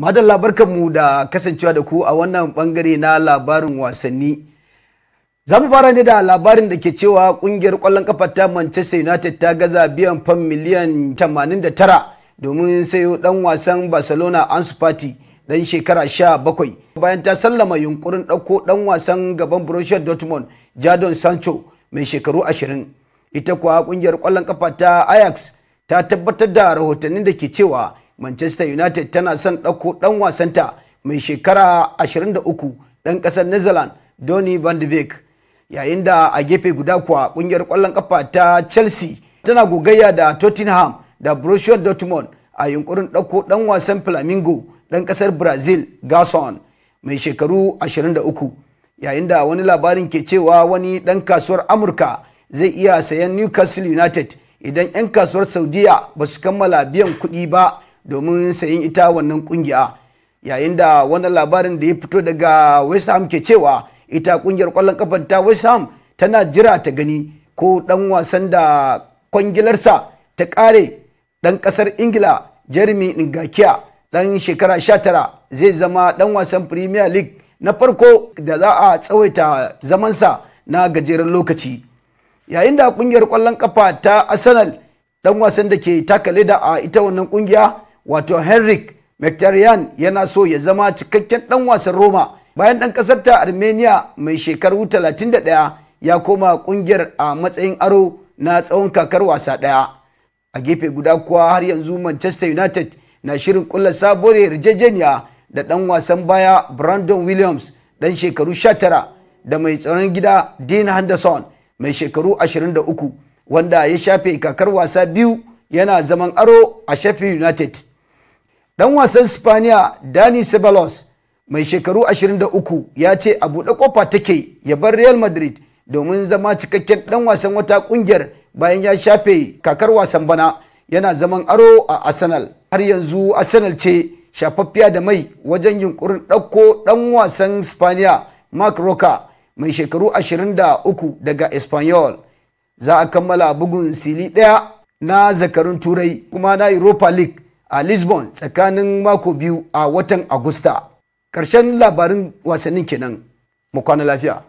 Madalla mu da kasancewa da ku a wannan bangare na labarin wasanni. Za mu fara ne da labarin da ke cewa kungiyar kwallon kafa ta Manchester United ta gaza biyan fam miliyan 89 domin sayo dan wasan Barcelona Ansu Fati dan shekara 17 bayan ta sallama yunkurin ɗauko dan wasan gaban Borussia Dortmund Jadon Sancho mai shekaru 20. Ita kuwa kungiyar kwallon kafa ta Ajax ta tabbatar da rahotannin da ke cewa manchester united tana son ɗauko ɗan wasanta mai shekara 23 ɗan ƙasar netherlands donny van de beek yayin da a gefe guda kuwa ƙungiyar ƙwallon ƙafa ta chelsea tana gogayya da tottenham da borussia dortmund a yunkurin ɗauko ɗan wasan flamingo ɗan ƙasar brazil gason mai shekaru 23 yayin da wani labarin ke cewa wani ɗan kasuwar amurka zai iya sayan newcastle united idan 'yan kasuwar saudiya ba su kammala biyan kuɗi ba domin sayin ita wannan kungiya yayin da wannan labarin da ya fito daga west ham ke cewa ita kungiyar kwallon kafar ta west ham tana jira ta gani ko dan wasan da kwangilarsa ta kare dan kasar ingila jeremy ngakia dan shekara 19 zai zama dan wasan premier league na farko da za a tsawaita zamansa na gajeren lokaci yayin da kungiyar kwallon kafa ta arsenal dan wasan da ke taka leda a ita wannan kungiya wato henrik mkhitaryan yana so ya zama cikakken dan wasan roma bayan dan kasar ta armenia mai shekaru 31 ya koma kungiyar a matsayin aro na tsawon kakar wasa daya a gefe guda kuwa har yanzu manchester united na shirin kulla sabuwar yarjejeniya da dan wasan baya brandon williams dan shekaru 19 da mai tsaron gida dean henderson mai shekaru 23 wanda ya shafe kakar wasa biyu yana zaman aro a sheffield united dan wasan spaniya dani sebalos mai shekaru 23 ya ce a buɗe kofa take ya bar real madrid domin zama cikakken dan wasan wata kungiyar bayan ya shafe kakar wasan bana yana zaman aro a arsenal har yanzu arsenal ce shafaffiya da mai wajen yunkurin ɗauko ɗan wasan spaniya mark roca mai shekaru 23 daga espanyol za a kammala bugun sili ɗaya na zakarun turai kuma na europa league a lisbon tsakanin mako biyu a watan agusta ƙarshen labarin wasannin kenan mu kwana lafiya